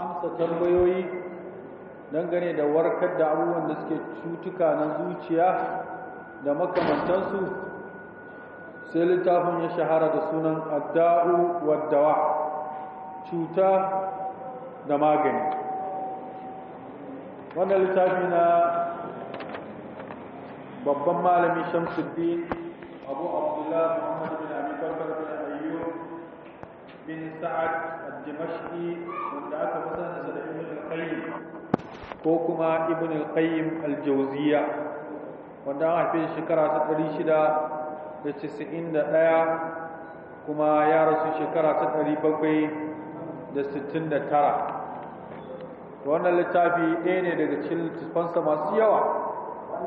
amsa tambayoyi dangane da warkar da abubuwan da suke cutuka na zuciya da makamantansu sai littafin ya shahara da sunan adda'u waddawa cuta da magani wannan littafi na babban malami shamsuddin abu abdullahi muhammadu bin abi bin bin sa'ad al-dimashqi wanda aka musanta da ibn al-qayyim ko kuma ibn al-qayyim al-jawziya wanda an haife shekara ta 691 kuma ya rasu shekara ta 769 wannan littafi ɗaya ne daga cikin littafansa masu yawa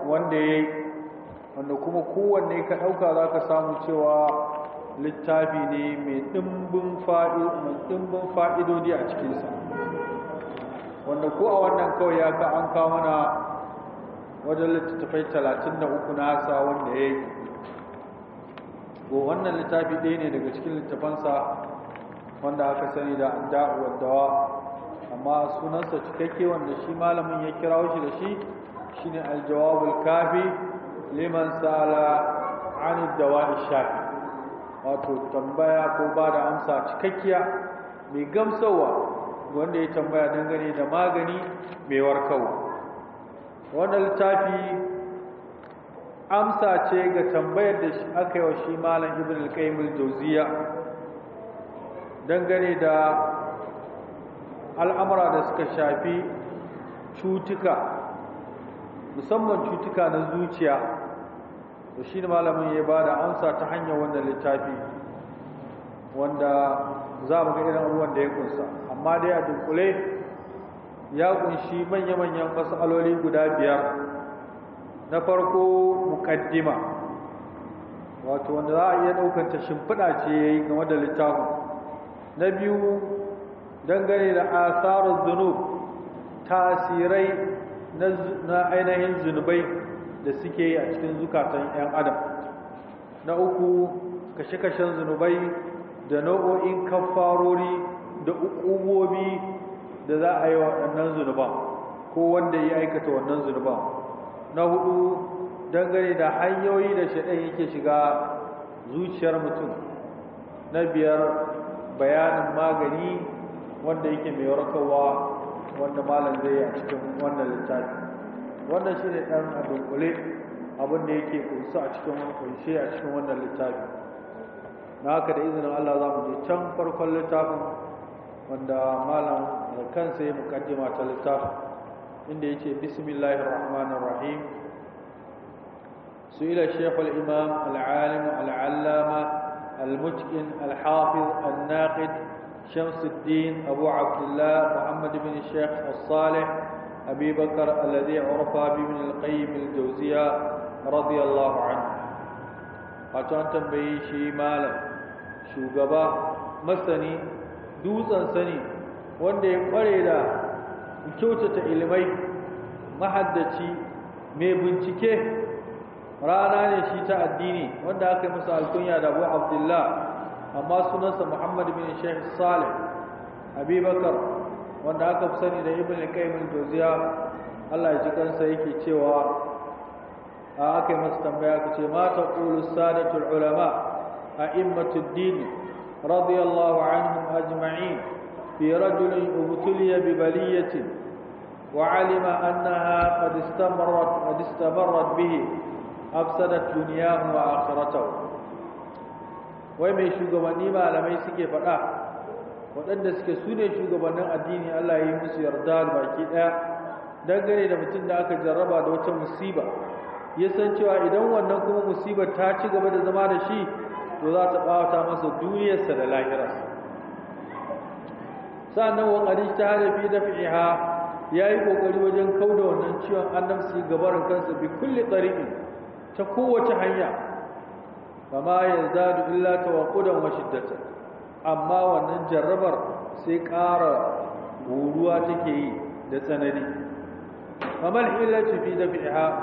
wanda ya yi wanda kuma kowanne ka ɗauka za ka samu cewa littafi ne mai ɗimbin fa'idodi a cikinsa wanda ko a wannan kawai ya ka an kawo na wajen littattafai talatin da uku nasa wanda ya yi ko wannan littafi ɗaya ne daga cikin littafansa wanda aka sani da an da'uwar dawa amma sunansa cikakke wanda shi malamin ya kira shi da shi shine aljawabul kafi liman sa'ala an dawa shafi wato tambaya ko ba da amsa cikakkiya mai gamsarwa wanda ya tambaya dangane da magani mai warkau wannan littafi amsa ce ga tambayar da aka yi wa shi malam ibn al-qayyim jawziya dangane da al'amura da suka shafi cutuka musamman cutuka na zuciya to shi malamin ya ba da amsa ta hanyar wannan littafi wanda za mu ga irin abubuwan da ya kunsa amma dai a dunkule ya kunshi manya-manyan matsaloli guda biyar na farko mukaddima wato wanda za a iya ɗaukar ta shimfiɗa ce ya yi game da littafin na biyu dangane da asarar zunub tasirai na ainihin zunubai da suke yi a cikin zukatan 'yan adam na uku kashe-kashen zunubai da nau'o'in kafarori da ukubobi da za a yi waɗannan zunuban ko wanda ya aikata wannan zunuba, na hudu dangane da hanyoyi da shaɗan yake shiga zuciyar mutum na biyar bayanin magani wanda yake mai warkarwa wanda malam zai yi a cikin wannan littafi wannan shi ne ɗan dunkule abin yake kunsa a cikin kunshe a cikin wannan littafi na haka da izinin Allah za mu je can farkon littafin wanda malam da kansa ya mukaddima ta littafin inda yake bismillahir rahmanir rahim سئل الشيخ الإمام العالم العلامة المتقن الحافظ الناقد شمس الدين أبو عبد الله محمد بن الشيخ الصالح أبي بكر الذي عرف بابن القيم الجوزية رضي الله عنه أتان تنبيه شي مالا شوغبا مسني دوسا سني wanda ya kware da kyautata ilmai mahaddaci mai bincike rana ne shi ta addini wanda aka yi masa alkunya da abu abdullah amma sunansa muhammad bin sheikh salih abubakar wanda aka fi sani da ibn al-qayyim jawziya Allah ya ji kansa yake cewa a aka yi masa tambaya ka ce ma taqulu sadatul ulama a'immatud din radiyallahu anhum ajma'in fi rajulin ubtuliya bi baliyatin وعلم أنها قد استمرت قد استمرت به أفسدت دنياه وآخرته wai mai shugabanni malamai suke faɗa waɗanda suke su ne shugabannin addini Allah ya yi musu yarda baki ɗaya dangane da mutum da aka jarraba da wata musiba ya san cewa idan wannan kuma musibar ta ci gaba da zama da shi to za ta ɓawata masa duniyarsa da lahirarsa sa'annan wa ƙari ta harafi da ya yi ƙoƙari wajen kau da wannan ciwon annabsi gabarin kansa bi kulle tariqi ta kowace hanya kama yazdadu da tawaqqudan wa shiddatan amma wannan jarrabar sai ƙara ruwa take yi da tsanani kamar hilarci fi da fi'a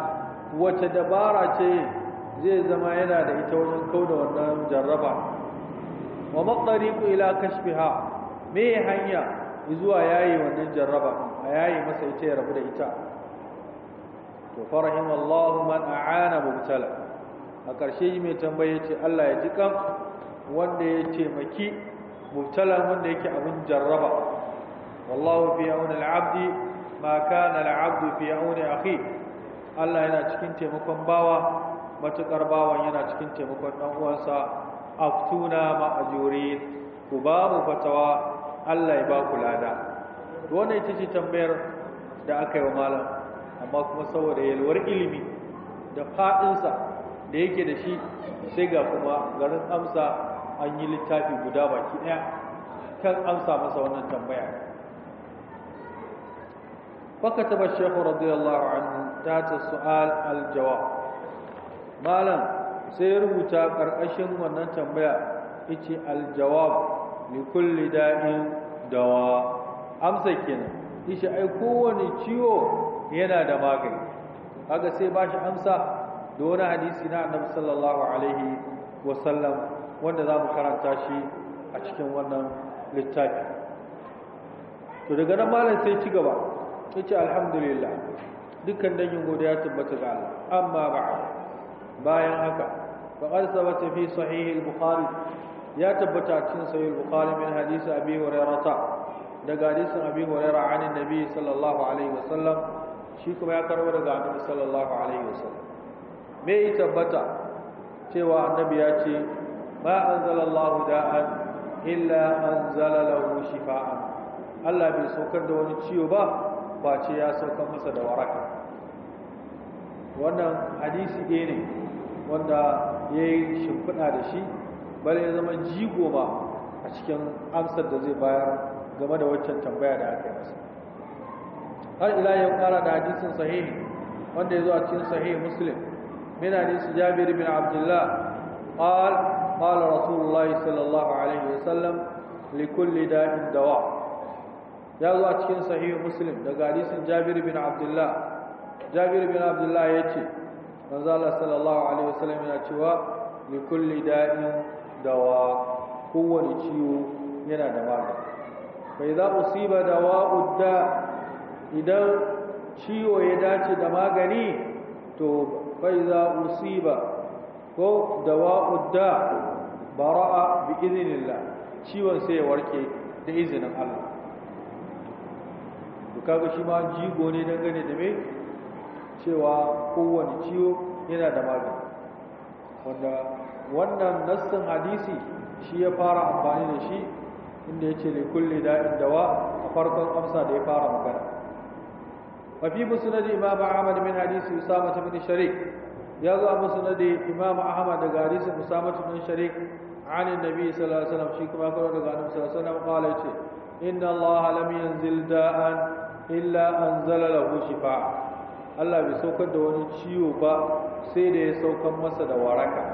wacce dabara ce zai zama yana da ita wajen kauda wannan jarraba wa ku ila kashfiha me hanya zuwa yayi wannan jarraba a yayi masa ita ya rabu da ita to farahim Allahu man a'ana mubtala a ƙarshe mai tambaye ce Allah ya ji kan wanda ya taimaki mubtala wanda yake abin jarraba wallahu fi auni al-abdi ma kana al-abdu fi auni akhi Allah yana cikin taimakon bawa matukar bawan yana cikin taimakon dan uwansa aftuna ajuri ku ba mu fatawa Allah ya ba ku lada wannan ita ce tambayar da aka yi malam amma kuma saboda yalwar ilimi da fadinsa da yake da shi sai ga kuma garin amsa an yi littafi guda baki ɗaya kan amsa masa wannan tambaya radiyallahu anhu ta ta su'al تحت malam sai ya rubuta ƙarƙashin wannan tambaya ice aljawab li kulli da'in dawa amsa kenan ishi ai kowane ciwo yana da magani kaga sai ba bashi amsa da wani hadisi na Annabi sallallahu alaihi wa sallam wanda za mu karanta shi a cikin wannan littafi to daga nan malam sai ci gaba ya ce alhamdulillah dukkan dangin godiya tabbata ga Allah amma ba'a bayan haka faqad sabata fi sahih al-bukhari ya tabbata cikin sahih al-bukhari min hadisi abi hurairah daga hadisin abi hurairah anin nabi sallallahu alaihi wasallam shi kuma ya karbo daga annabi sallallahu alaihi wasallam me ya tabbata cewa annabi ya ce ba anzalallahu da'an illa anzala lahu shifa'an Allah bai saukar da wani ciwo ba face ya saukar masa da waraka wannan hadisi ɗaya ne wanda ya yi shimfiɗa da shi bari ya zama jigo ba a cikin amsar da zai bayar game da waccan tambaya da aka yi har ila yau ƙara da hadisin sahihi wanda ya zo a cikin sahihi muslim min hadisi jabir bin abdullah qal قال رسول الله صلى الله عليه وسلم لكل داء دواء يا الله cikin sahih muslim daga hadisin Jabir bin Abdullah Jabir bin Abdullah yace manzo Allah sallallahu alaihi wasallam yana cewa likulli da'in dawa kowane ciwo yana da magani bai za usiba dawa'ud da idan ciwo ya dace da magani to bai za usiba ko dawa'ud da bara'a bi idhnillah ciwon sai ya warke da izinin Allah to kaga shi ma jigo ne dangane da me cewa kowane ciwo yana da magani wanda wannan nassin hadisi shi ya fara amfani da shi inda yace li kulli da'in dawa a farkon amsa da ya fara magana fa fi musnad imam Ahmad min hadisi Usama bin ya zo a na da imam ahmad da garisa musamatu bin shari'a, an nabi sallallahu alaihi wasallam shi kuma karo daga annabi sallallahu alaihi wasallam ce inna allah lam yanzil da'an illa anzala lahu shifa allah bai saukar da wani ciwo ba sai da ya saukar masa da waraka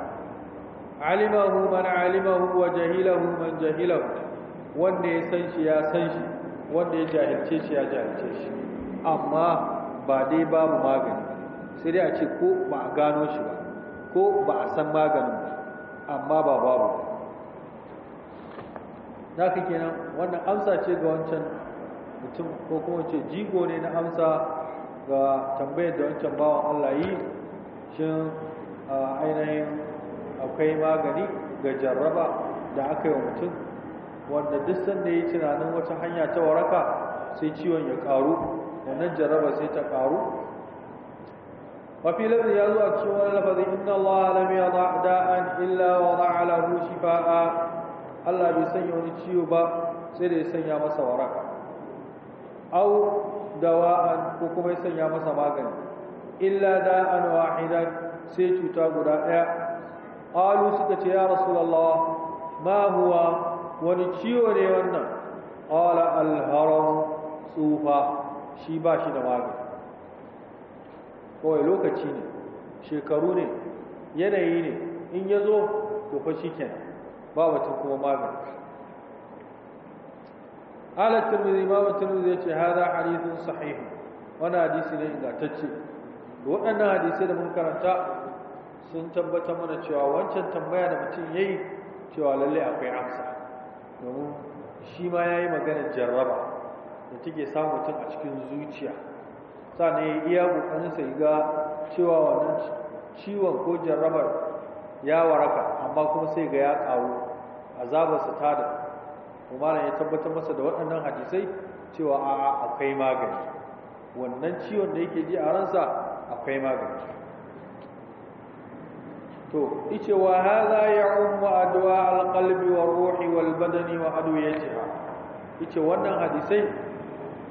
alimahu man alimahu wa jahilahu man jahilahu wanda ya san shi ya san shi wanda ya jahilce shi ya jahilce shi amma ba dai babu magani sai dai a ce ko ba a gano shi ba ko ba a san maganin ba amma ba babu na ka kenan wannan amsa ce ga wancan mutum ko kuma ce jigo ne na amsa ga tambayar da wancan bawa Allah yi shin ainihin akwai magani ga jarraba da aka yi wa mutum wanda duk sanda ya tunanin wata hanya ta waraka sai ciwon ya karu wannan jarraba sai ta karu وفي لفظ يزوى كشوان لفظ إن الله لم يضع داء إلا وضع له شفاء الله بيسني ونشيوبا سيدي يسني مسا أو دواء وكما يسني مسا إلا داء واحدا سيتوتا غدا قالوا سكت يا رسول الله ما هو ونشيو ne قال الهرم al haram sufa kawai lokaci ne shekaru ne yanayi ne in ya zo to fa shikenan ba wata kuma magani قال الترمذي ya ce هذا حديث صحيح Wani hadisi ne ingantacce waɗannan hadisai da mun karanta sun tabbatar mana cewa wancan tambaya da mutum yayi cewa lalle akwai amsa domin shi ma yayi maganar jarraba da take samun mutum a cikin zuciya sannan ya iya kokarinsa ga cewa wannan ciwon ko jarrabar ya waraka amma kuma sai ga ya karu azabarsa ta da kuma ya tabbatar masa da waɗannan hadisai cewa a'a akwai magani wannan ciwon da yake ji a ransa akwai magani to ice wa hadha umma adwa alqalbi wa ruhi wal badani wa adwiyatiha ice wannan hadisai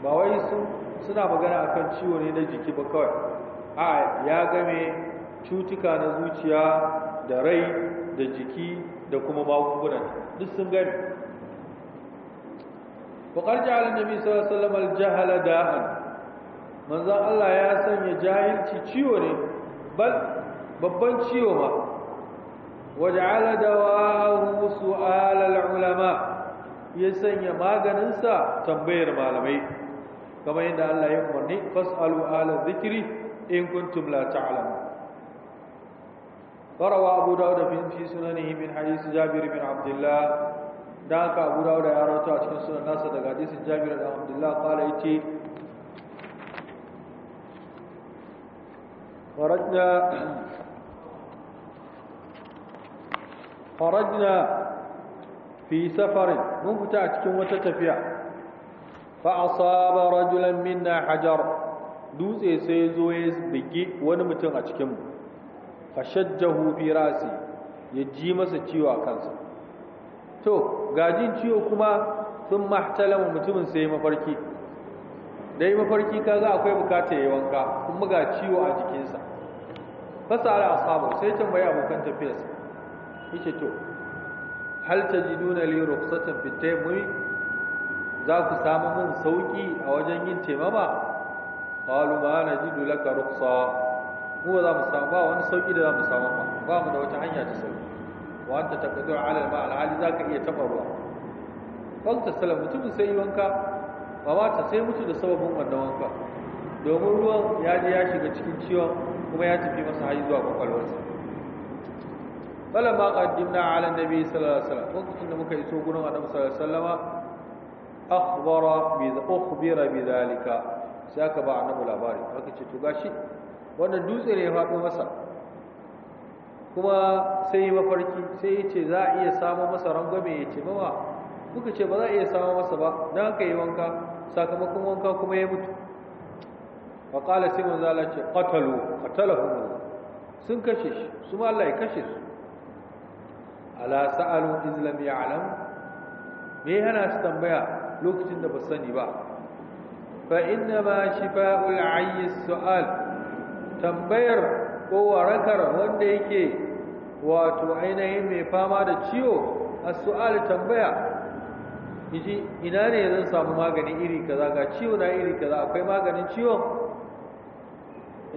ba wai su. suna magana akan ciwo ne na jiki ba kawai a ya game cutuka na zuciya da rai da jiki da kuma magungunan duk sun gani faƙar jihar nabi sallallahu salamar jihala da an manzan Allah ya sanya jahilci ciwo ne babban ciwo ma waj'ala dawahu su'al ulama ya sanya maganinsa tambayar malamai kamar yadda Allah ya umarni fas'alu ala dhikri in kuntum la ta'lam farawa abu da fi sunanihi min hadith jabir bin abdullah dan ka abu dawud ya rawata a cikin sunan nasa daga hadith jabir bin abdullah qala yati farajna farajna fi safarin mun fita a cikin wata tafiya Fa fa'asaba rajulan minna hajar dutse sai zo ya biki wani mutum a cikinmu fashajjahu fi rasi ya ji masa ciwo a kansa to gajin ciwo kuma sun mahtalama mutumin sai mafarki dai mafarki kaga akwai bukata yayi wanka kuma muga ciwo a jikinsa fasala ashabu sai ta tambayi abokan tafiyarsa yace to hal tajiduna li rukhsatan fi tayammum za ku samu mun sauki a wajen yin taimama qalu ma najidu laka ruqsa mu za mu samu ba wani sauki da za mu samu ba ba mu da wata hanya ta sauki wa anta taqdiru ala al-ma al za ka iya taba ruwa qulta salam mutum sai yi wanka ba ba ta sai mutu da sababin wannan wanka domin ruwan ya je ya shiga cikin ciwon kuma ya tafi masa hayi zuwa kwakwalwarsa falamma qaddimna ala nabi sallallahu alaihi wasallam lokacin da muka iso gurin annabi sallallahu alaihi wasallama akhbara bi ukhbira bi zalika sai aka ba annabi labari aka ce to gashi wannan dutse ne ya faɗo masa kuma sai ya mafarki sai ya ce za a iya samun masa rangwame ya ce mawa kuka ce ba za a iya samun masa ba don haka yi wanka sakamakon wanka kuma ya mutu wa ƙala sai mun zala ce qatalu qatalahum sun kashe shi su ma Allah ya kashe su ala sa'alu iz lam ya'lam me yana su tambaya lokacin da ba sani ba fa inna ma shifa'ul ayyi su'al tambayar ko warakar wanda yake wato ainihin mai fama da ciwo as-su'al tambaya yaji ina ne zan samu magani iri kaza ga ciwo na iri kaza akwai maganin ciwo?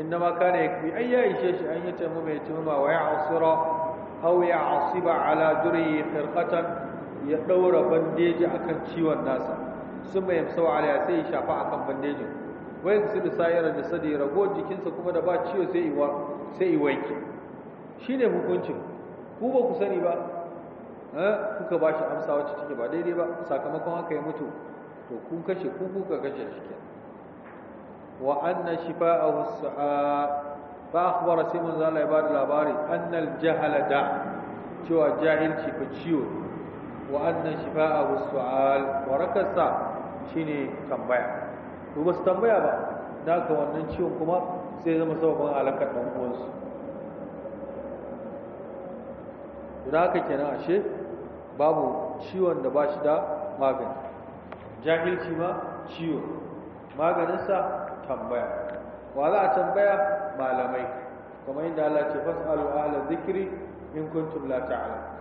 inna ma kana yakfi ay ya ishe shi an yi tamu mai tumma wa ya'sura aw ya'siba ala duri firqatan ya ɗaura bandeji akan ciwon nasa sun mai yamsau alaya sai ya shafa akan bandejin wai su da sayar da sadi rago jikinsa kuma da ba ciwo sai iwa sai Shi ne hukuncin ku ba ku sani ba eh, kuka ba shi amsa wacce take ba daidai ba sakamakon haka ya mutu to kun kashe ku kuka kashe shi ke wa anna shifa'ahu wasu saa fa akhbara sai manzo ya bada labari annal jahala da cewa jahilci fa ciwo wa anna wa su'al warakarsa shine tambaya to ba su tambaya ba da ga wannan ciwon kuma sai zama sababin alakar dan uwansu da haka kenan ashe babu ciwon da ba shi da magani jahilci ma ciwo maganinsa tambaya wa za a tambaya malamai Kuma inda Allah ce fas'alu ala zikiri, in kuntum la ta'lamu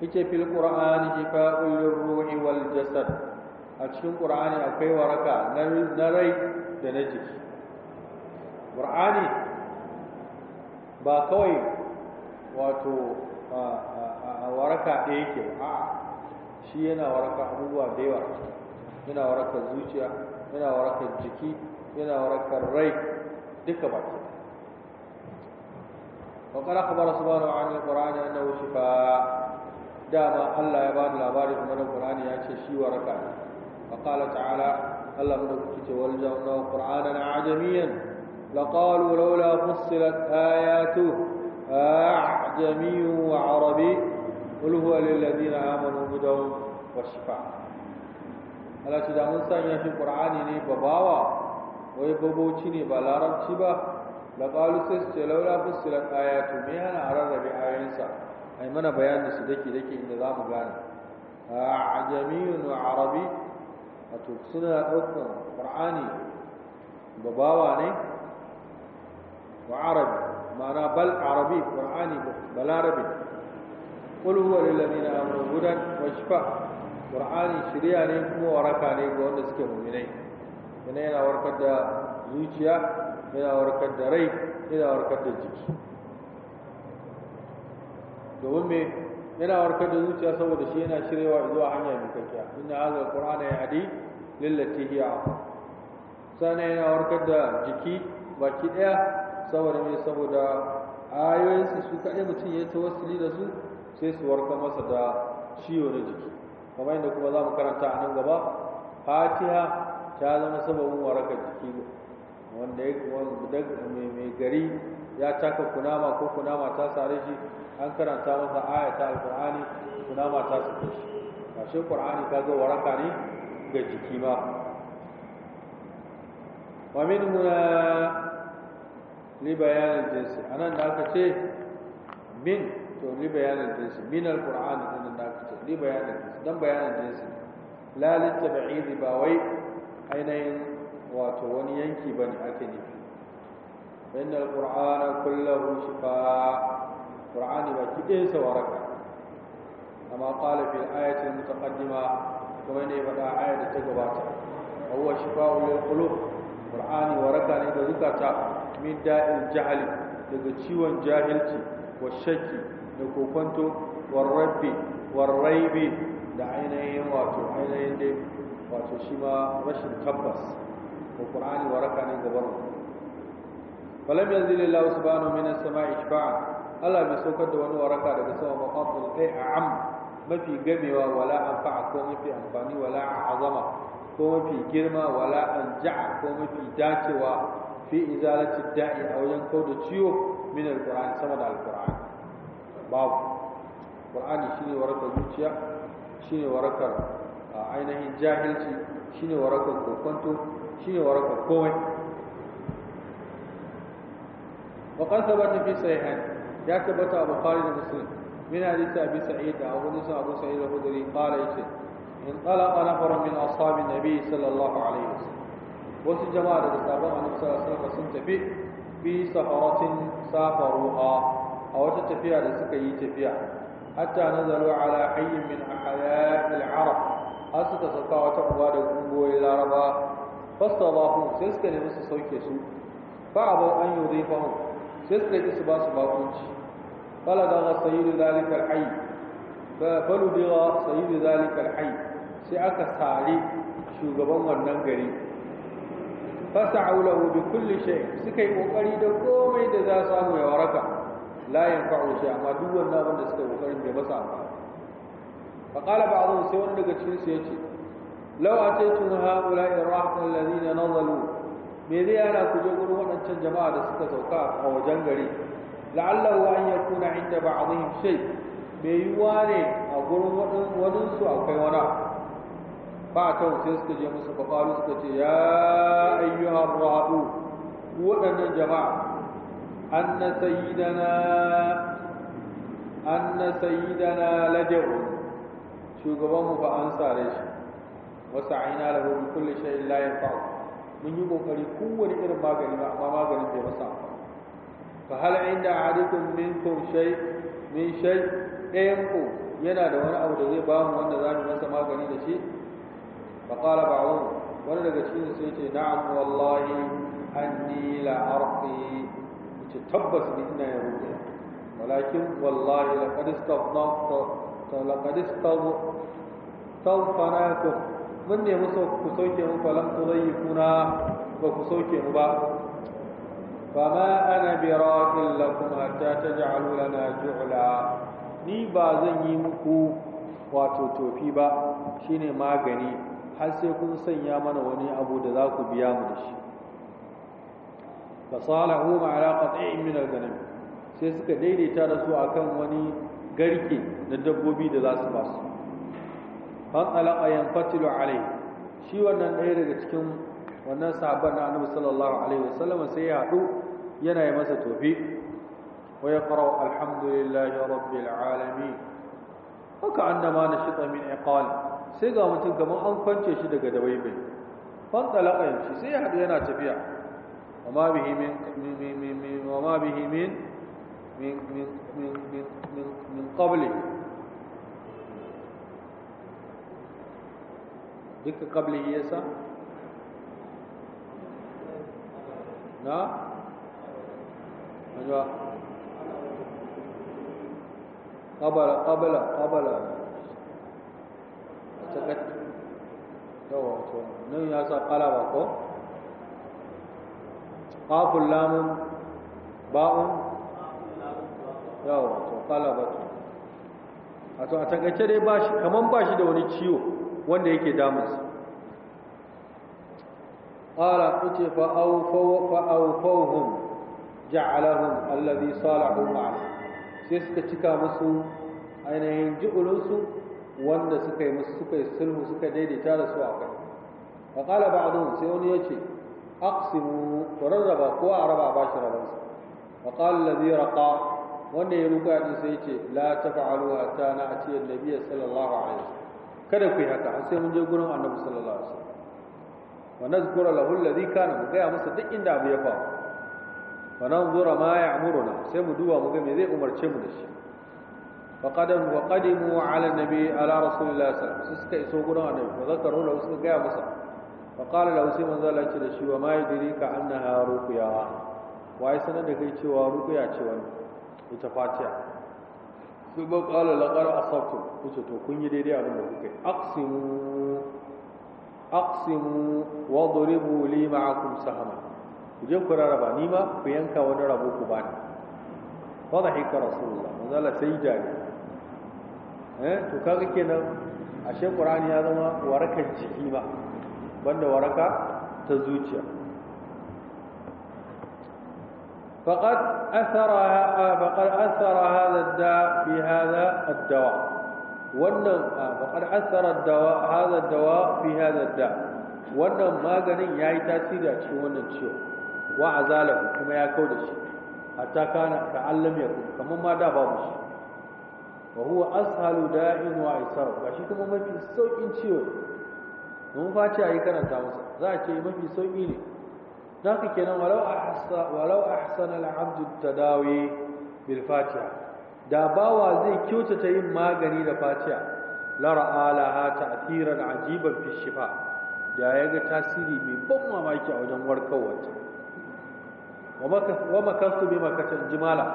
ita fil qur'ani shifa'un ruhi wal jasad a cikin qur'ani akwai waraka na rai da na jiki qur'ani ba kawai wato a waraka ɗaya yake a shi yana waraka abubuwa da yawa yana waraka zuciya yana waraka jiki yana waraka rai duka baki وقال أخبر سبحانه عن qur'ani annahu shifaa dama Allah ya bada labarin manan Qur'ani ya ce shi فقال تعالى الله من كتبه والجنة قرآنا عجميا لقالوا لولا فصلت آياته أعجمي وعربي قل هو للذين آمنوا هدى وشفاء هل تدعى موسى في القرآن بباوة ويبوتيني بلا رب شبه لقالوا سيست لولا فصلت آياته مين أعرض بآيات ai mana bayanin su dake dake inda za mu gane ajamiyun wa arabi wato suna ɗaukar qur'ani da bawa ne wa arabi ma'ana bal arabi qur'ani arabi qul huwa lil ladina amanu hudan wa shifa qur'ani shiriya ne kuma waraka ne ga wanda suke mu'minai yana warkar da zuciya yana warkar da rai yana warkar da jiki domin me yana warkar da zuciya saboda shi yana shirewa zuwa hanya mai kakkiya inna hadha ya yahdi lillati hiya sana yana warkar da jiki baki ɗaya saboda me saboda ayoyinsu su kaɗai mutum ya tawassuli da su sai su warkar masa da ciwo na jiki kamar yadda kuma za mu karanta a nan gaba fatiha ta zama sababin warakar jiki wanda ya kuma mai gari ya taka kunama ko kunama ta sare shi an karanta masa ayata ta alqur'ani kunama ta sare shi ashe qur'ani kaga waraka ne ga jiki ma wa min muna eh, li bayan jinsi anan da aka ce min to li bayan jinsi min alqur'ani anan da aka ce li bayan jinsi dan bayanin jinsi la litab'id ba wai ainihin wato wani yanki bane ake nufi فإن القرآن كله شفاء قرآن بكي إنسى ورقة كما قال في الآية المتقدمة كما نبدا آية التجبات هو شفاء للقلوب قرآن ورقة إذا ذكرت من داء الجهل daga ciwon jahilci wa shakki da kokonto warrabi warraibi da ainihin wato ainihin dai wato shi ma rashin tabbas ko ƙur'ani waraka ne gabar mu falam yanzilillahu subhanahu minas sama'i shfa'a Allah bai saukar da wani waraka daga sama maqatul ai a'am mafi gamewa wala anfa'a ko mafi amfani wala azama ko mafi girma wala anja'a ko mafi dacewa fi izalati da'i a wajen kauda ciwo min alquran sama da alquran babu qur'ani shine warakar zuciya shine warakar ainihin jahilci shine warakar kokonto shine warakar komai وقد ثبت في صحيحين يا كبت أبو خالد مسلم من حديث أبي سعيد أو حديث أبو سعيد الهدري قال انطلق نفر من أصحاب النبي صلى الله عليه وسلم وسي جماعة الصحابة النبي صلى الله عليه وسلم في سفرة سافروها أو تتفيها لسكي تفيها حتى نزلوا على حي من أحياء العرب أسد سكاوة عباد قنبو إلى ربا فاستضافوا سيسكن مصر سوكي سوء فأبوا أن يضيفهم sai su gaji su ba su bakunci balaga sayyidu zalikal hayy fa baludiga sayyidu zalikal hayy sai aka sare shugaban wannan gari fasa'u lahu bi kulli shay suka yi kokari da komai da za samu ya waraka la yanfa'u shay amma duk wannan wanda suka yi kokarin bai masa amfani fa qala ba'dhu sai wani daga cikin su yace law ataytum ha'ula'i rahmatan alladhina nazalu me zai yana ku je gurin waɗancan jama'a da suka sauka a wajen gari la'allahu an yakuna inda ba'dihim shay me yiwa ne a gurin waɗansu su akwai wani ba ta wuce suka je musu faqalu suka ce ya ayyuha ar-rabu waɗannan jama'a anna sayyidana anna sayyidana laja'u shugaban mu ba an sare shi Wasu aina lahu bi kulli shay'in la yanfa'u mun yi kokari kowane irin magani ba amma maganin bai masa fa hal inda ahadikum min shay min shay ɗayan ku yana da wani abu da zai ba mu wanda za mu masa magani da shi ba fa qala ba'un wani daga cikin sai ce na na'am wallahi anni la arqi ce tabbas ni ina ya rubuta walakin wallahi laqad istafnaqtu laqad istawfanakum mun nemi ku sauke mu falam kuna ba ku sauke mu ba ma ana bi raqin lakum hatta taj'alu lana ju'la ni ba zan yi muku wato tofi ba shine magani har sai kun sanya mana wani abu da za ku biya mu da shi fasalahu ma'ala qat'in min al-ghanam sai suka daidaita da su akan wani garke na dabbobi da za su ba man talaqa yanfatilu alai shi wannan ɗaya daga cikin wannan sahabban na annabi sallallahu alaihi wasallam sai ya haɗu yana yi masa tofi wa yaqra'u alhamdulillahi rabbil alamin haka annama nashita min iqal sai ga mutum kamar an kwance shi daga dabaibai fan talaqa yanshi sai ya haɗu yana tafiya wama bihi min min min min wama bihi min min min min min qabli duka kabli ya sa na ajwa qabala qabala nan ya sa qalaba ko lamun ba'un yawa to qalaba a to dai ba kaman ba da wani ciwo wanda yake damunsa qala kuce fa awfaw fa awfawhum ja'alahum allazi salahu ma'a sai suka cika musu ainihin ji'ulunsu wanda suka yi musu suka yi sulhu suka daidaita da su a kai fa qala ba'dhum sai wani yace aqsimu tararraba ko a raba ba shi rabansa fa qala allazi raqa wanda ya ruka din sai yace la a hatta na ati annabi sallallahu alaihi wasallam kada ku yi haka sai mun je gurin annabi sallallahu alaihi wasallam wa nazkura lahu alladhi kana mu gaya masa duk inda abu ya faru wa nanzura ma ya'muruna sai mu duba mu ga me zai umarce mu da shi fa qadam wa qadimu ala nabi ala rasulillahi sallallahu alaihi wasallam suka iso gurin annabi fa zakaru lahu suka gaya masa fa qala lahu sai manzo Allah ce da shi wa ma yadrika annaha ruqya wa ai sanar da kai cewa ruqya ce wannan ita fatiha sai ba qala laqad asabtum kuce to kun yi daidai abin da kuka yi aqsimu aqsimu wadribu li ma'akum sahama ku je ku raraba ni ma ku yanka wani rabo ku bani fadhika rasulullah manzala sai jari eh to kaga kenan ashe qur'ani ya zama warakar jiki ba banda waraka ta zuciya فقد faƙar asarar dawa hada dawa fi hada da wannan maganin ya yi tasiri a cikin wannan ciwo wa azalahu kuma ya kau shi hatta kana ka allam ma da babu shi wa huwa ashalu da'in wa isar ba shi kuma mafi saukin ciwo mun face a yi karanta masa za a ce mafi sauki ne zaka kenan walau a hasanar abdul tadawi bil fatiha da bawa zai kyautata yin magani da fatiha lara'a laha ta'thiran ajiban fi shifa da ya ga tasiri mai ban mamaki a wajen warkarwarta wa su bi makatan jimala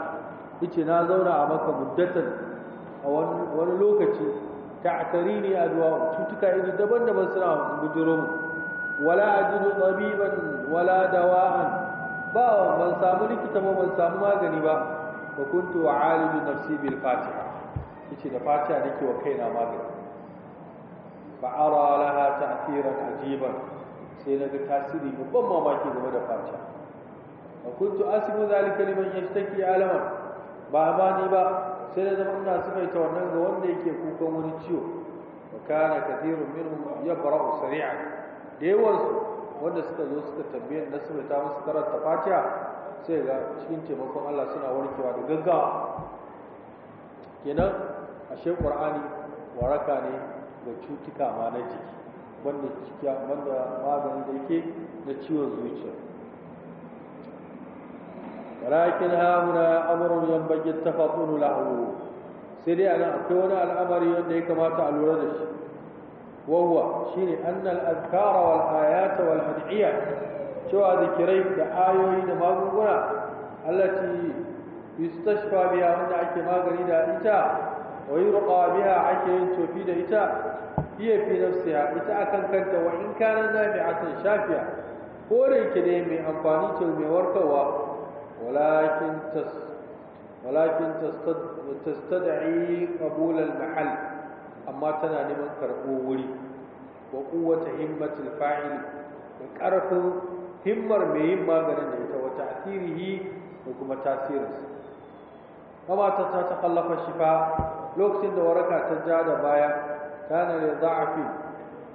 yace na zauna a maka muddatan a wani lokaci ta'tarini ne a cutuka iri daban-daban suna bujiro mu wala ajidu tabiban wala dawa'an ba wa ban samu likita ba ban samu magani ba wa kuntu alimi nafsi bil fatiha yace da fatiha nake wa kaina magani fa ara laha ta'thiran ajiban sai naga tasiri babban mamaki game da fatiha wa kuntu asibu zalika liman yashtaki alama ba ba ni ba sai da zama da suka ta wannan ga wanda yake kukan wani ciwo wa kana kathirun minhum yabra'u sari'an da yawansu wanda suka zo suka tambaye na su ta musu karanta fatiha sai ga cikin taimakon Allah suna warkewa da gaggawa kenan ashe qur'ani waraka ne ga cutuka ma na jiki wanda cikiya wanda maganin da yake na ciwon zuciya walakin hamuna amrun yanbaghi tafaqqulu lahu sai dai ana akwai wani al'amari wanda ya kamata a lura da shi وهو شيني أن الأذكار والآيات والأدعية شو ذكري دعايوين مغنى التي يستشفى بها من عكي مغنى إتا ويرقى بها عكي تفيد إتا هي في نفسها إتا أكن كنت وإن كان نافعة شافية كوري كده من أمباني تلمي وركوا ولكن تس ولكن تستدعي قبول المحل amma tana neman karɓo wuri wa quwwata himmatin fa'il da ƙarfin himmar mai yin maganin da ita wata asirihi da kuma tasirinsa kama ta ta shi fa lokacin da waraka ta ja da baya kana da za'afi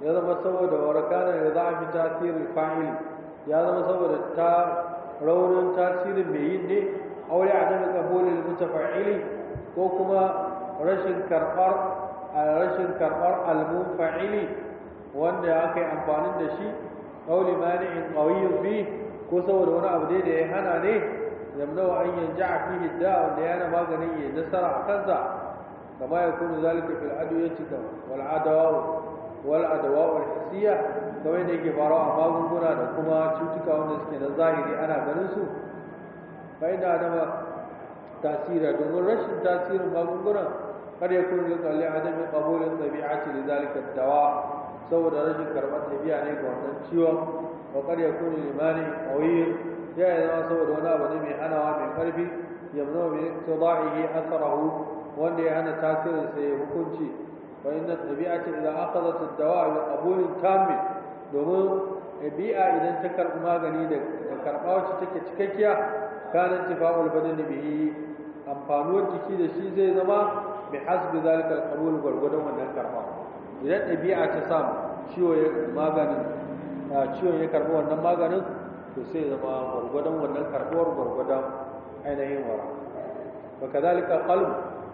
ya zama saboda waraka na da za'afi tasirin fa'il ya zama saboda ta raunin tasirin mai yin ne aure a daga a mutafa'ili ko kuma rashin karɓar A rashin karɓar fa’ili wanda ya yi amfanin da shi qawli mani'in qawiyyun fi ko saboda wani abu ne da ya hana ne wa an yanja'a hidda wanda da na maganin ya nasara a kansa kama yakunu zalika fil adwiyati wal adawa wal adawa kamar da yake faruwa a magunguna da kuma cutuka wanda suke na zahiri ana ganin su faida inda adama tasira domin rashin tasirin magungunan. kar ya kun a li adami qabulin tabi'ati li zalika dawa saboda rashin karɓar tabi'a ne ga wannan ciwon wa kar ya kun a qawiyin ya yi zama saboda wani abu ne mai hanawa mai karfi ya zama mai tudahi asarahu wanda ya hana tasirin sa ya hukunci fa inna tabi'ati idza aqadat ad-dawa bi qabulin tam domin tabi'a idan ta karɓi magani da karɓa wacce take cikakkiya kanan tifa'ul badani bihi amfanuwar jiki da shi zai zama bi hasbi zalika alqabul gurgudan wannan karba idan ɗabi'a ta samu ciwo ya ciwon ya karbi wannan maganin to sai zama gurgudan wannan karbuwar gurgudan ainihin wa wa kadhalika alqalb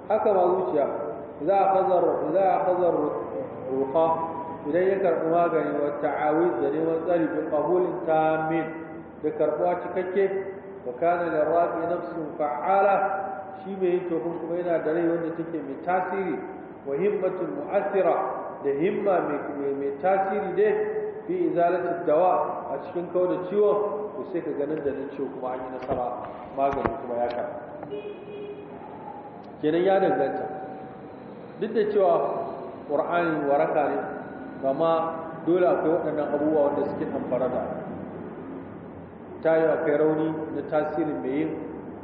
haka ma zuciya idza za a akhadha ruqa idan ya karbi magani wa ta'awiz da neman tsari bi qabulin tamin da karbuwa cikakke wa kana lirabi nafsun fa'ala shi mai yin tofin kuma yana da rai wanda take mai tasiri wa himmatul da himma mai tasiri dai fi izalatul dawa a cikin kawo da ciwo to sai ka ganin da nan ciwo kuma an yi nasara magani kuma ya Ke kenan ya danganta duk da cewa ƙur'ani waraka ne amma dole akwai waɗannan abubuwa wanda suke ɗan da. ta yi akwai rauni na tasirin mai yin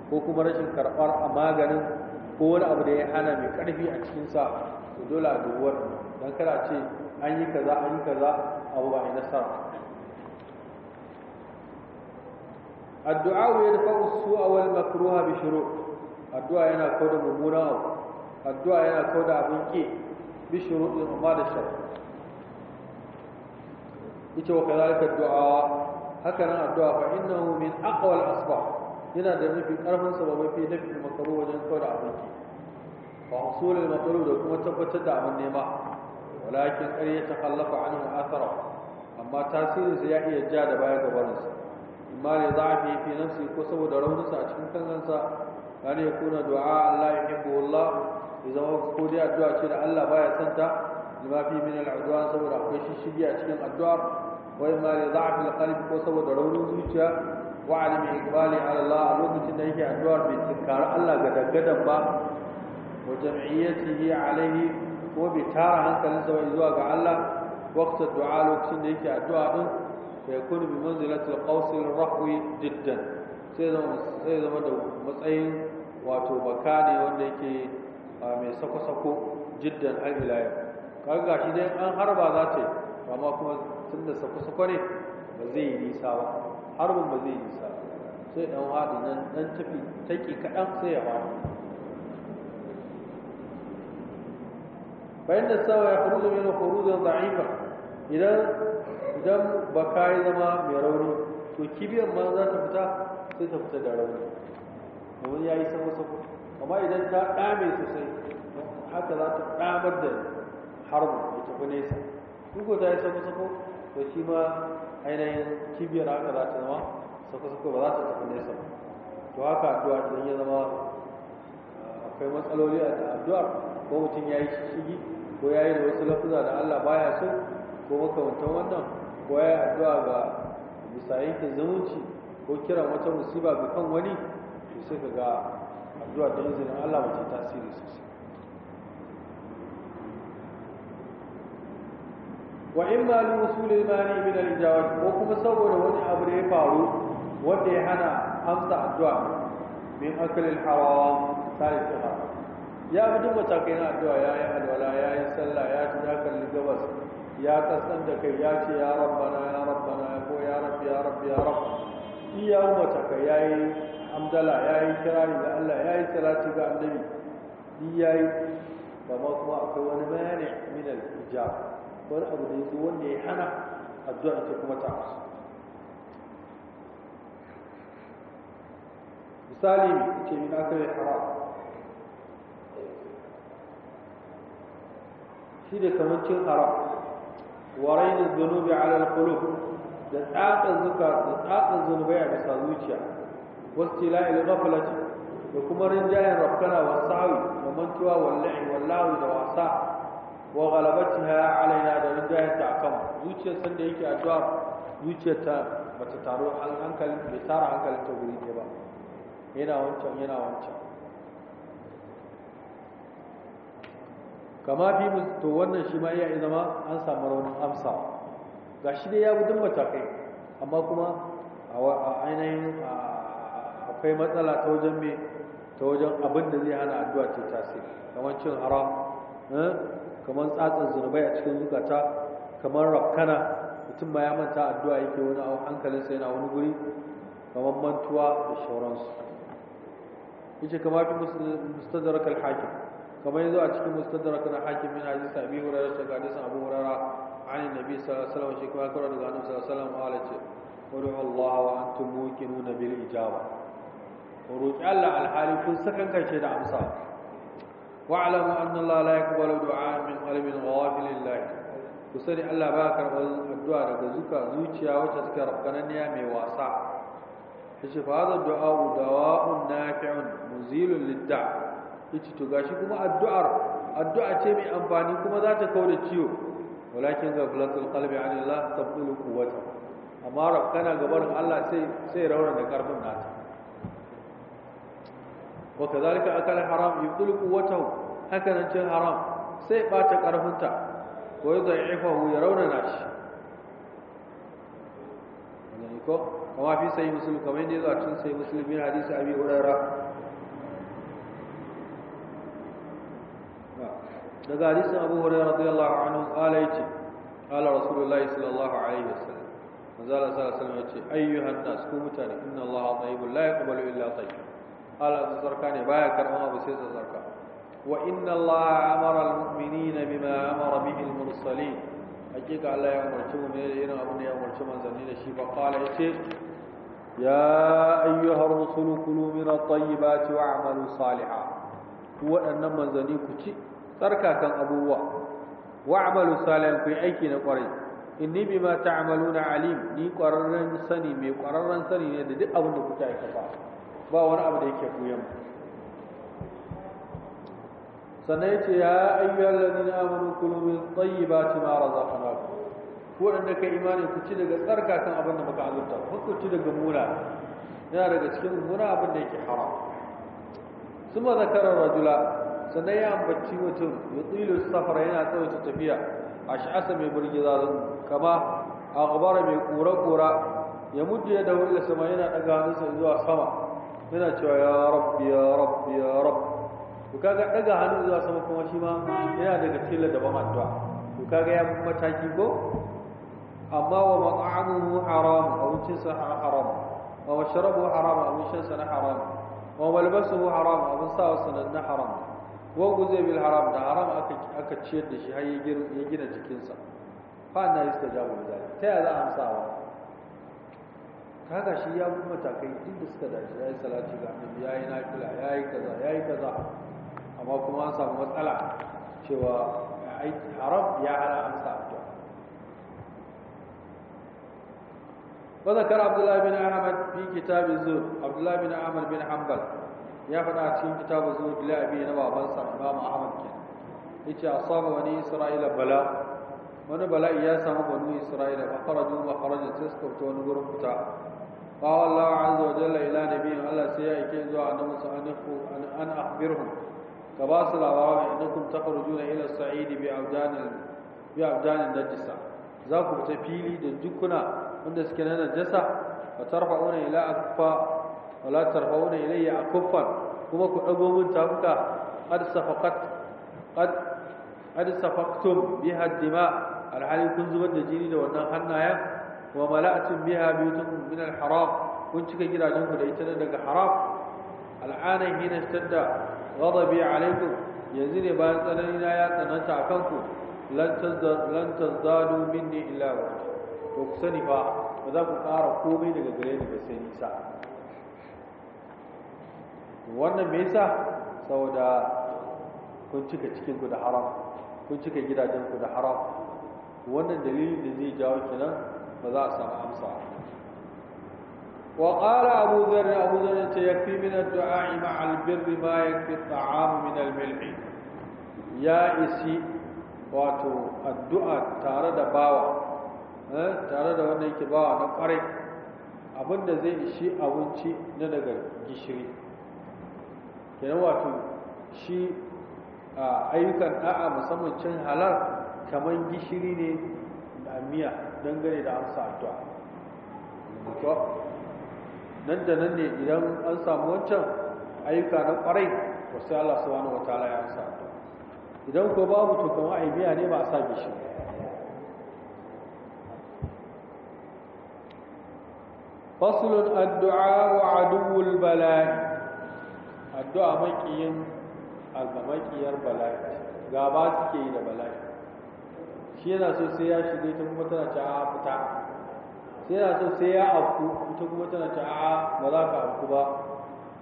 ko kuma rashin karɓar a maganin ko wani abu da ya hana mai ƙarfi a cikinsa to dole a dubuwar don kada ce an yi kaza an yi kaza abu ba nasara addu'a ya dafa su a wani makruha bi shuru addu'a yana da mummunan abu addu'a yana da abin ke bi ɗin amma da shar ita wa kadhalika addu'a haka nan addu'a fa'in na min aqwal asbab yana da mafi karfin sa ba mafi nafi makaru wajen kawar abinci fa usulul makaru da kuma tabbatar da abin nema walakin karya ta kallafa anhu athara amma tasirin sa ya iya ja da baya ga barin sa imma ne za a fi nafsi ko saboda raunin sa a cikin kansa kana ya kuna du'a Allah ya hibbu Allah ya zama ko dai addu'a ce da Allah baya santa lima fi min al'udwan saboda akwai shishigi a cikin addu'ar wai ma ne za a fi ko saboda raunin zuciya wa'ani mai ikbali iqbali a lokacin da yake addu'ar bai tinkara Allah ga daggadan ba wa a alaihi ko bai tara hankalinsa ba zuwa ga Allah waqt du'a lokacin da yake addu'a din fa yakunu bi manzilati al-qaws al-rahwi jiddan sai zama zama da matsayin wato baka ne wanda yake mai sako-sako jiddan har ila yau kaga gashi dai an harba za ta yi amma kuma tunda sako-sako ne ba zai yi nisa ba harbin ba zai yi sa sai dan wadi nan dan tafi take kaɗan sai ya fara bayan da sawa ya kuru zama yana kuru zama idan idan baka ya zama mai rauni to kibiyar ma za ta fita sai ta fita da rauni domin ya yi sama sako amma idan ta ɗame sosai haka za ta ɗamar da harbin ya tafi nesa duk da yi sama sako to shi ma ainihin cibiyar haka za ta zama sako ba za ta tafi nesa ba to haka addu'a idan ya zama ah, akwai matsaloli a addu'a ko mutum ya yi shigi ko ya yi da wasu lafuza da Allah baya so ko makamantan wannan ko ya yi addu'a ga misayin ta zumunci ko kiran wata musiba ga kan wani to sai ka ga addu'a don izinin Allah mutum tasiri sosai wa in ma li usulil mani min al ijawat ko kuma saboda wani abu da ya faru wanda ya hana amsa addu'a min akal al haram sai ta ya bi duk matakai na addu'a ya yi alwala ya yi sallah ya ci ya kalli gabas ya kasan da kai ya ce ya rabbana ya rabbana ko ya rabbi ya rabbi ya rabbi iya matakai ya yi amdala, ya yi kirari da Allah ya yi salati ga annabi iya yi kamar kuma akwai wani mani min al ijaba wani abu da ya zo wanda ya hana addu'a ita kuma ta wasu misali ce min akari haram shi da kamancin haram warai da zunubi a kulub da tsakan zuka da tsakan zunubai a bisa zuciya wasu ce la'il ghaflati da kuma rinjayen rafkana wa sa'i da mantuwa wallahi wallahu da wasa wa ghalabatiha alaina da rinjayar ta akan zuciyar san da yake addu'a zuciyar ta bata taro hankali bai tara hankali ta guri ba yana wancan yana wancan kama fi to wannan shi ma iya zama an samu raunin amsa ga shi dai ya gudun matakai amma kuma a ainihin akwai matsala ta wajen mai ta wajen abin da zai hana addu'a ta tasiri kamar cin haram eh? kamar tsatsar zunubai a cikin zukata kamar rakana, mutum ma ya manta addu'a yake wani a hankalinsa yana wani guri kamar mantuwa da shauransu yace kamar fi mustadrakal hakim kamar yanzu a cikin mustadrakal hakim min hadis abi hurairah daga san abu hurairah an nabi sallallahu alaihi wasallam shi kuma karo daga annabi sallallahu alaihi wasallam alace qulu allah wa antum muqinuna bil ijaba roki allah alhali kun sakan kace da amsa واعلموا أن الله لا يقبل دعاء من قلب غافل الله kusani Allah ba karɓar addu'a daga zuka zuciya wacce suka rafkananniya mai wasa yace fa hadha du'a dawa'un nafi'un muzilun lidda yace to gashi kuma addu'ar addu'a ce mai amfani kuma za ta kauda ciwo walakin ghaflatul qalbi 'an Allah tabdulu quwwata amma rafkana gaban Allah sai sai rauna da karfin nata wa kadhalika akala haram yubdulu quwwatahu haka nan cin haram sai ɓata ƙarfinta ko yi za'ifahu ya raunana shi ko kama fi sai musulmi kamar yadda ya zo cin sai musulmi hadisi abi hurara daga hadisin abu hurara radiyallahu anhu qala yace qala rasulullahi sallallahu alaihi wasallam manzo Allah sallallahu alaihi wasallam yace ayyuhan nas ku mutane inna Allah tayyibun la yaqbalu illa tayyib ala zarka ne baya karban abu sai zarka وإن الله أمر المؤمنين بما أمر به المرسلين حقيقة الله يأمرتم من الإيران أبني يأمرتم أن زنين الشيء فقال يا أيها الرسل كلوا من الطيبات واعملوا صالحا هو أن من زنيك تركا كان أبوه واعملوا صالحا في أيكين قري إني بما تعملون عليم ني قررن سني مي قررن سني ne da duk abin da kuke aikata ba wani abu da yake koyan mu sannan yace ya ayyuhal ladina amanu kulu min tayyibati ma razaqnakum dan da kai imani ku ci daga tsarkakan abin da muka azurta ku ci daga mura yana daga cikin mura abin da yake haram kuma zakara rajula sannan ya ambaci mutum ya tsilo safara yana tsawaita tafiya ash'asa mai burgiza kama aghbara mai kura-kura ya mutu ya dawo da sama yana daga hannunsa zuwa sama yana cewa ya rabbi ya rabbi ya rabbi to kaga daga hannu zuwa sama kuma shi ma yana daga da ba addu'a to kaga ya mataki ko amma wa ma'amuhu haram abincin sa haram wa washrabu haram abincin sa haram wa malbasuhu haram abin sa wasu na haram wa guzai bil haram da haram aka aka ciyar da shi har ya gina jikinsa fa na yi stajabu da ta ya za a amsawa kaga shi ya bi matakai inda suka dace ya yi salati ga annabi ya yi nafila yayi kaza ya yi kaza amma kuma an samu matsala cewa haram ya hana amsa addu'a وذكر عبد Abdullahi bin Ahmad في كتاب الزهد عبد الله بن احمد بن حنبل يا فدا cikin kitabu الزهد لا ابي na baban sa Imam Ahmad ke yace asaba bani Isra'ila bala wani bala'i ya samu bani Isra'ila fa kharaju wa kharaja tasqut wani gurin fita qala Allah azza wa jalla ila nabiyyi Allah sai ya ike zuwa annabi sallallahu alaihi wasallam an akhbirhum ka labarai su labarin innakum takhrujuna ila sa'idi bi abdanin bi abdanin najisa za ku fita fili da dukkuna wanda suke na najasa tarfa wani ila akfa wa la tarfa'una a akuffan kuma ku dago mun tafuka qad safaqat qad qad safaqtum biha alhali kun zubar da jini da wannan hannayen wa mala'atun biyu biyutukum min haram. kun cika gidajen ku da ita daga haram al'ana hina shtadda ghadabi alaikum yanzu ne bayan tsanani na ya tsananta a kanku lan tazdadu minni illa ba, to ku sani ba, ba za ku ƙara komai daga gare ni ba sai nisa wannan me yasa saboda kun cika cikin ku da haram kun cika gidajen ku da haram wannan dalilin da zai jawo kenan ba za a samu amsa وقال أبو ذر أبو ذر يكفي من الدعاء مع البر ما يكفي الطعام من الملح يا إسي واتو الدعاء تارد باوة تارد ونيك باوة نقري abin da zai ishi abinci na daga gishiri kenan wato shi a ayyukan da'a musamman can halar kamar gishiri ne a miya dangane da amsa addu'a nan da nan ne idan an samu wancan ayyuka na kwarai to sai Allah subhanahu wataala ya amsa idan ko babu to kamar biya ne ba a sa shi faslun addu'a wa bala'i addu'a makiyin azamakiyar bala'i gaba suke yi da bala'i shi yana so sai ya shiga ta kuma tana ta fita sai yana so sai ya afku ita kuma tana ta a ba za ka afku ba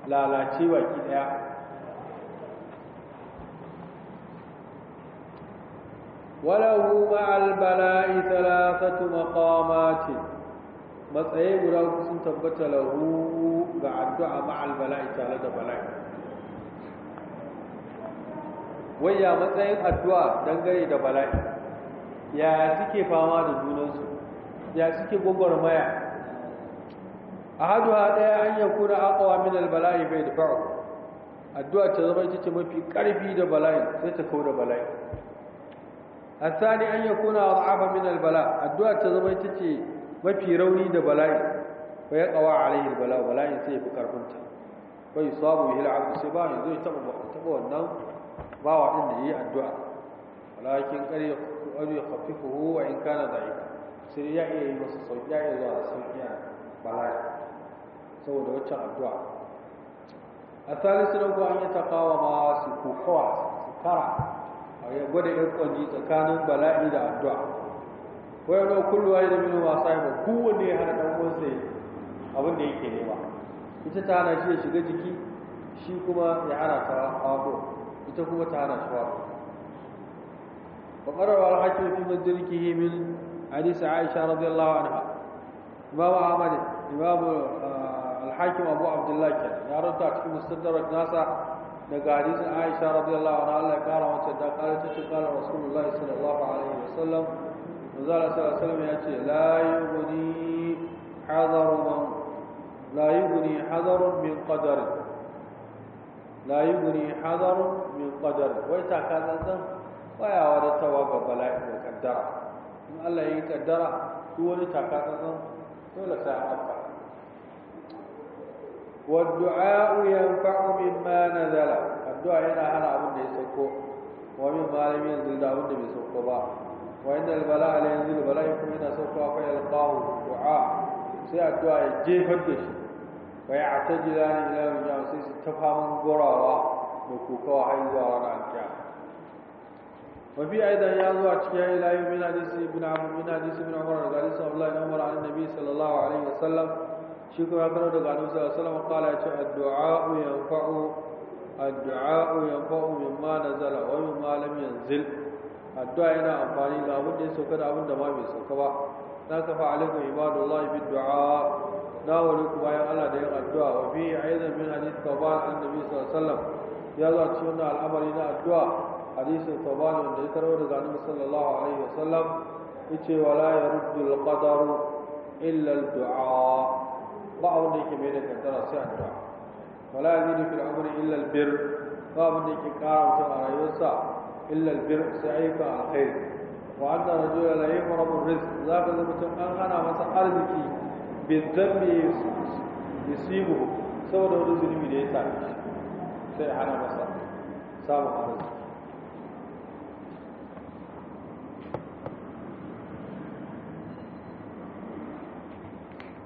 lalace baki daya وله مع bala'i salasatu مقامات matsayi guda ku sun tabbata lahu ga addu'a ma'al bala'i tare da bala'i wayya matsayin addu'a dangane da bala'i ya suke fama da junansu ya suke gwagwarmaya ha daya an yakuna aqwa min albala'i bai da ba'u addu'a ta zama ita ce mafi karfi da bala'i sai ta da bala'i asani an a adhafa min albala addu'a ta zama ita ce mafi rauni da bala'i fa yaqwa alaihi albala bala'i sai ya fi karfin ta fa yusabu bihi al'abd sai ba yanzu zai taɓa wannan ba wa din da yi addu'a walakin qari yukhaffifuhu wa in kana da'ifa sai ya iya yi masa sauki ya iya zuwa sauki a bala'i saboda waccan addu'a a salisu su kuwa an yi takawa ma su kokowa su kara a yi gwada yin kwanji tsakanin bala'i da addu'a wayar da kullu ya da minu masu haifa kowanne ya hada ɗan uwansa abin da yake nema ita ta hana shi ya shiga jiki shi kuma ya hana ta hako ita kuma ta hana shi wa وقرر الحكم fi مدركه himin حديث عائشة رضي الله عنها إمام أحمد إمام الحاكم أبو عبد الله كان يا رب تحكي مستدرك ناسا دقى حديث عائشة رضي الله عنها الله قال وتدى قال قال رسول الله صلى الله عليه وسلم وزال صلى الله عليه وسلم يأتي لا يغني حذر من لا يغني حذر من قدر لا يغني حذر من قدر وإذا كان ذنب ويا ودت وقبل بلاء وقدره in Allah ya yi kaddara duk wani taka tsantsan dole sai an afka wa du'a'u yanfa'u mimma nazala addu'a yana hana abin da ya sauko wa min malam yanzu da abin da bai sauko ba wa inda albala ala yanzu albala kuma yana sauko akwai alqahu du'a sai addu'a ya jefar da shi wa ya atajila ila yawm sai su mun gorawa da kokawa wa haihuwa ranar kiyama وفي أيضا يازو أتكيه إلى يوم من حديث ابن عمر من حديث ابن عمر رضي الله عنه عمر عن النبي صلى الله عليه وسلم شكرا أكرم رضي الله عليه وسلم قال الدعاء ينفع الدعاء ينفع مما نزل ومما لم ينزل الدعاء هنا أنفاني لا بد أن سكر أبن دمامي سكبا نكفى عليكم عباد الله بالدعاء ناولكم يا الله دين الدعاء وفي أيضا من حديث ثوبان النبي صلى الله عليه وسلم يازو أتكيه الأمر هنا الدعاء hadisin tabani wanda ya karo daga annabi sallallahu alaihi wasallam yace wala yaruddu al-qadar illa al-du'a ba wanda yake mai da kaddara sai addu'a wala yazidu fil amri illa al bir ba wanda yake kara mutum a rayuwarsa illa al-birr sai ayyuka alkhair wa anna rajula la yahramu ar-rizq zaka ga mutum an hana masa arziki bi dhanbi yusibu saboda wani zunubi da ya same shi sai hana masa samun arziki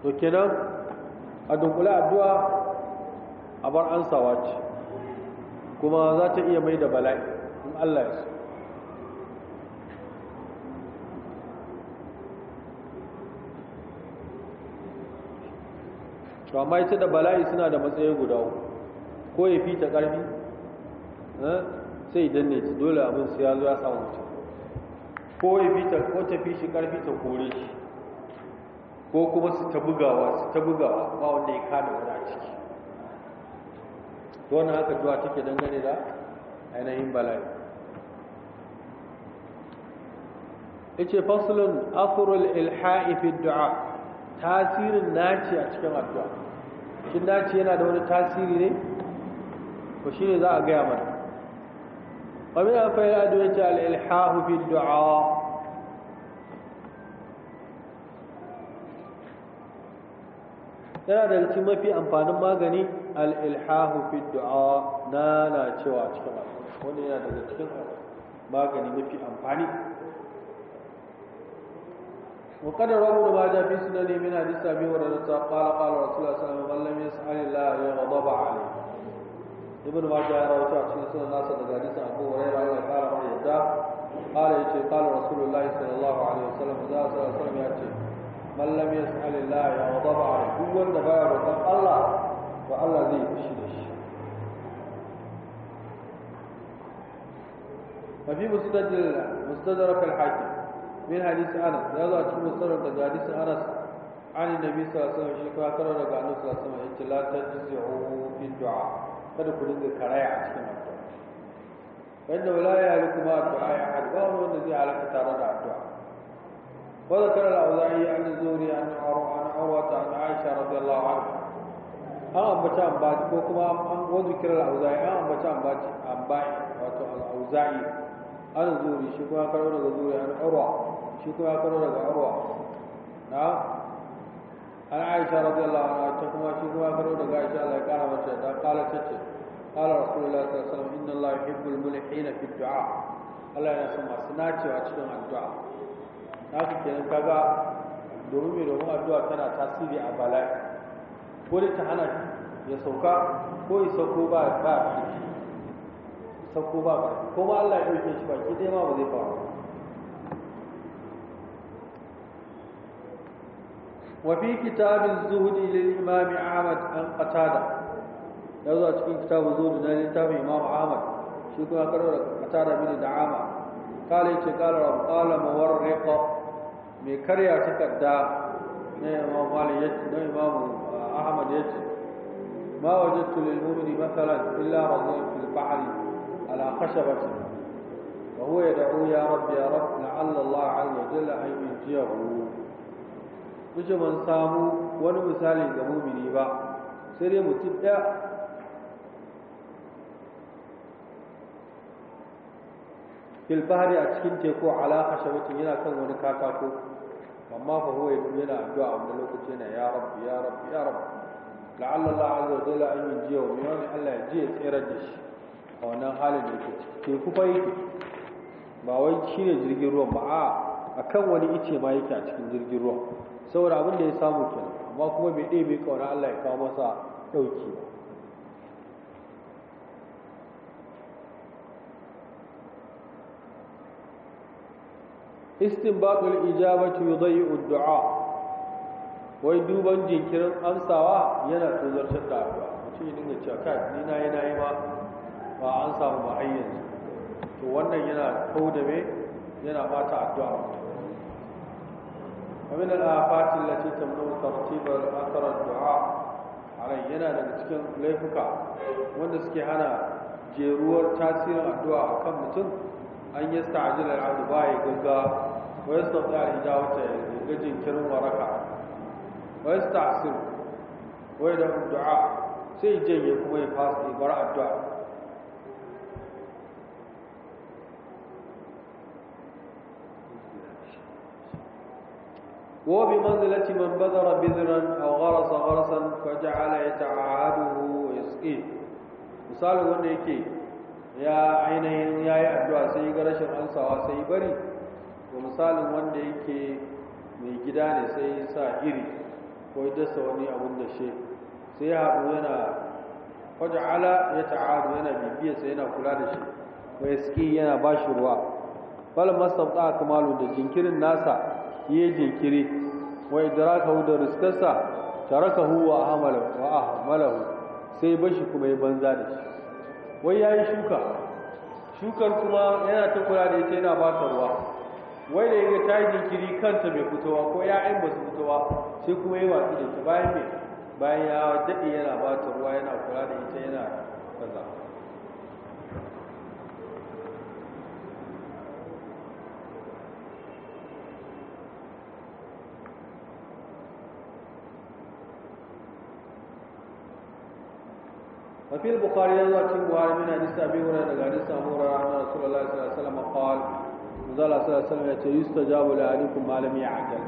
to kenan a dunkula addu'a a bar ansawa ce kuma za ta iya mai da bala'i in Allah ya so amma ita da bala'i suna da matsayi guda ko ya fita ƙarfi eh, sai idan ne dole abin su ya zo ya samu mutum ko ya fita ko ta fi shi ƙarfi ta kore shi ko kuma su ta bugawa su ta bugawa ba wanda ya kada wani a ciki to wannan haka zuwa take dangane da ainihin bala'i ce faslun afirul ilha'i fi du'a tasirin naci a cikin addu'a shin naci yana da wani tasiri ne ko ne za a gaya mana wa min afa'il addu'a ce ilhahu fi du'a yana da cikin mafi amfanin magani al’ilhahu fi du'a na na cewa cikin wani yana da cikin magani mafi amfani wakadar rahu da maja fi suna ne mina nisa biyu wadanda ta kwalakwala wasu lasa mai mallamin sa’ayin la’ayi ya gaba ba a ne ibin maja ya rahoto cikin suna nasa daga nisa abu wani rayuwa ya kara mai yadda kara ya ce kala wasu sallallahu alaihi wasallam za sallallahu alaihi wasallam ya ce man ya yas'alillahi wa ya duk wanda baya roƙon Allah to Allah zai fushi da shi ففي مستدرك مستدرك الحاكم من da انس يلا اشوف da حديث انس عن النبي صلى الله عليه وسلم sallallahu alaihi wasallam yace la tajzi'u fi du'a kada ku dinga karaya a cikin addu'a fa inna la ya'lamu du'a ahad wanda zai halaka tare da addu'a وذكر الأوزاعي عن الزهري عن عروة عن عائشة رضي الله عنها an ambaci ambaci ko kuma an wani kirar an ambaci ambaci ambaci wato al'auza'i an zuri shi kuma karo daga zuri an urwa shi kuma karo daga urwa na an aisha radiyallahu anha ta kuma shi kuma karo daga aisha Allah ya kara mata da kala tace kala rasulullahi sallallahu alaihi wasallam inna allaha yuhibbul mulhina fi du'a Allah cikin addu'a haka kenan kaga domin mai domin addu'a tana tasiri a bala'i ko da ta hana ya sauka ko ya sauko ba ba sauko ba ba ko ma Allah ya dauke shi baki ɗaya ma ba zai faru wa fi kitabin zuhudi lil imam Ahmad an qatada ya zuwa cikin kitabun zuhudi na littafin imam Ahmad shi kuma da qatada bin da'ama قال يتقال قال مورق mai karya takarda na imam malik yace na imam ah, ahmad yace ma wajadtu lil mu'mini mathalan illa radin fil bahri ala khashabati ba huwa yad'u ya rab ya rabbi rab la'alla a azza wa jalla an yujiyahu kuje ban samu wani misali ga mu'mini ba sai dai mutum ɗaya fil bahri a cikin teku ala khashawatin yana kan wani katako amma fa huwa yana addu'a a wani lokaci yana ya rabbi ya rabbi ya rabbi la'alla Allah azza wa jalla an yujiya wa min Allah ya jiya tsirar da shi a wannan halin da yake teku fa yake ba wai ne jirgin ruwan ba a akan wani ice ma yake a cikin jirgin ruwan saboda abin da ya samu kenan amma kuma bai ɗebe kauna Allah ya kawo masa ɗauki ba al ijabati yudayyi'u ad-du'a wai duban jinkirin amsawa yana tozartar da addu'a mutum ya dinga cewa kai ni na yi na yi ma ba an samu ba ayyan to wannan yana kauda me yana bata addu'a ومن الآفات التي تمنع ترتيب أثر الدعاء عليه yana daga cikin laifuka wanda suke hana jeruwar tasirin addu'a kan mutum an yi Al-Abdu ba ya gaggawa wa yastata ijawata ga jinkirin waraka wa yastasir wa yada du'a sai janye kuma ya fasa ibar addu'a وهو بمنزلة من بذر بذرا أو غرس غرسا فجعل يتعاهده ويسقيه مثال وانا يكي ya ainihin ya yi addu'a sai ga rashin ansawa sai bari to misalin wanda yake mai gida ne sai sa iri ko dasa wani abun da shi sai ya haɗu yana waja'ala ya ta'adu yana bibiya sai yana kula da shi wa yaski yana ba shi ruwa fal a kamalu da jinkirin nasa yi jinkiri wa idrakahu da riskarsa tarakahu wa ahmalahu wa ahmalahu sai bashi kuma ya banza da shi wai yayi shuka shukar kuma yana ta kula da ita yana ba ta ruwa wai da yaga ta yi jinkiri kanta mai fitowa ko ya'yan ba su fitowa sai kuma yi watsi da ta bayan mai bayan ya daɗe yana ba ta ruwa yana kula da ita yana kaza وفي البخاري الله تعالى من حديث ابي هريره قال سمع رسول الله صلى الله عليه وسلم قال zala sallallahu ya ce yustajabu li ahadikum ma lam ya'jal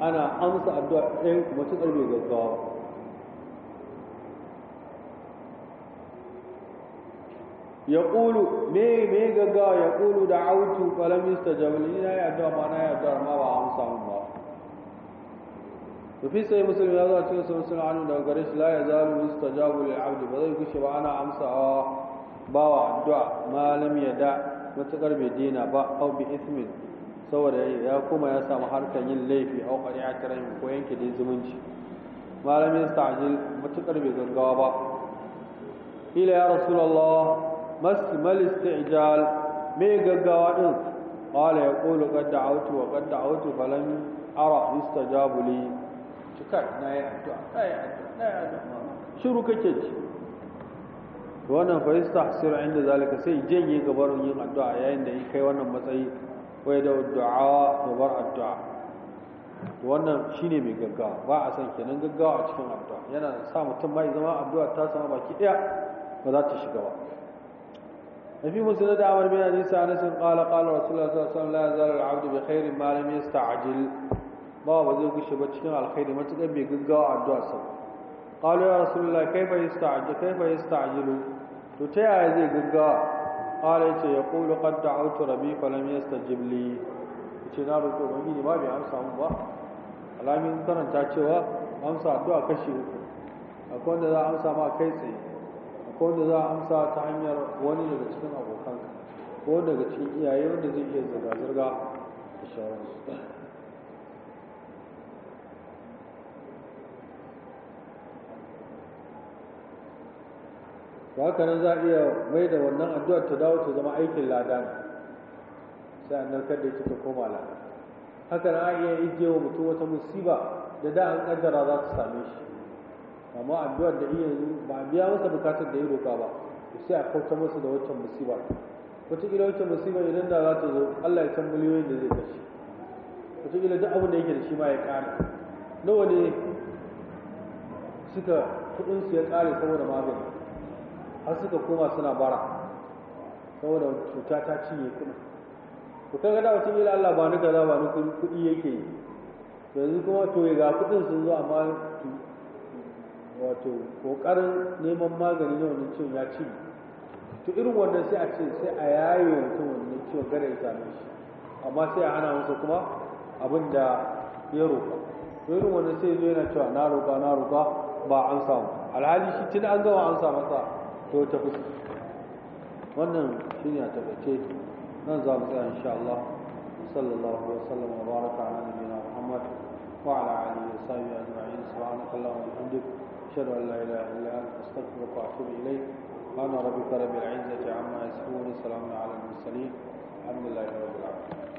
ana amsa addu'a ɗayan kuma ta tsarbe gaggawa ya ƙulu me me gaggawa ya ƙulu da autu falam yustajabu li ina ya addu'a ma na ya addu'a ma ba amsa mun ba وفي سي مسلم هذا أتي سمس عنه لو قريش لا Ba zai kushe ba ana أنا أمسى باوع addu'a, malami ya يدع matuƙar mai dina ba au bi ismin saboda ya kuma ya samu harkar yin laifi au ƙari'a tarayin ko yanke dai zumunci malamin sa'ajil matuƙar bai gaggawa ba ila ya rasulullah masmal isti'jal mai gaggawa din qala yaqulu qad da'awtu wa ƙadda da'awtu falon ara yustajabu Jabuli. tukai na yi addu'a na yi addu'a na addu'a shiru kake ci to wannan fa yastahsiru inda zalika sai janye gabarun yin addu'a yayin da ya kai wannan matsayi wai da du'a gabar addu'a to wannan shine mai gaggawa ba a san kenan gaggawa a cikin addu'a yana sa mutum mai zama addu'a ta sama baki daya ba za ta shiga ba nabi musulmi da amar bin hadisi anas qala qala rasulullah sallallahu alaihi wasallam la yazalu al'abdu abdu bi khairin ma lam yasta'jil ba ba zai gushe ba cikin alkhairi matukar bai gaggawa addu'a sa قالوا يا رسول الله كيف يستعجل كيف يستعجل to ta yaya zai gaggawa kare ya ce ya kulu kadda autu rabi falam ya stajibli ya ce na roƙo gini ba bai amsa mu ba alamin karanta cewa amsa addu'a kashi uku akwai wanda za a amsa ma kai tsaye akwai wanda za a amsa ta hanyar wani daga cikin abokanka ko daga cikin iyaye wanda zai iya zirga-zirga da shawararsu Ba haka nan za a iya mai da wannan addu'ar ta dawo ta zama aikin lada ne sai an narkar da ita ta koma lada haka na, a iya ijiye wa mutum wata musiba da da an kaddara za ta same shi amma addu'ar da iya yi ba a biya masa bukatar da ya roƙa ba to sai a kauta masa da waccan musiba wataƙila waccan musiba idan da za ta zo Allah ya san miliyoyin da zai kashe wataƙila duk abin da yake da shi ma ya ƙara nawa ne suka kuɗinsu ya ƙare saboda magani har suka koma suna bara saboda cuta ta cinye kuɗin ku kaga da wata ila Allah ba ni kaza ba ni kuɗi yake yi yanzu kuma to ga kuɗin sun zo amma wato ƙoƙarin neman magani na wani ciwon ya ci to irin wannan sai a ce sai a yaye mutum wani ciwon kada ya same shi amma sai a hana masa kuma abin da ya roƙa to irin wannan sai zo yana cewa na roƙa na roƙa ba an samu alhali shi tun an gama an samu sa. ko ta fuska wannan shine a takaice nan za mu tsaya insha Allah sallallahu alaihi wasallam wa baraka ala nabiyina Muhammad wa ala alihi wa sahbihi ajma'in subhanaka allahumma wa bihamdik ashhadu an la ilaha illa anta astaghfiruka wa atubu ilayk سبحان ربك رب العزة عما يصفون سلام على المرسلين الحمد لله رب العالمين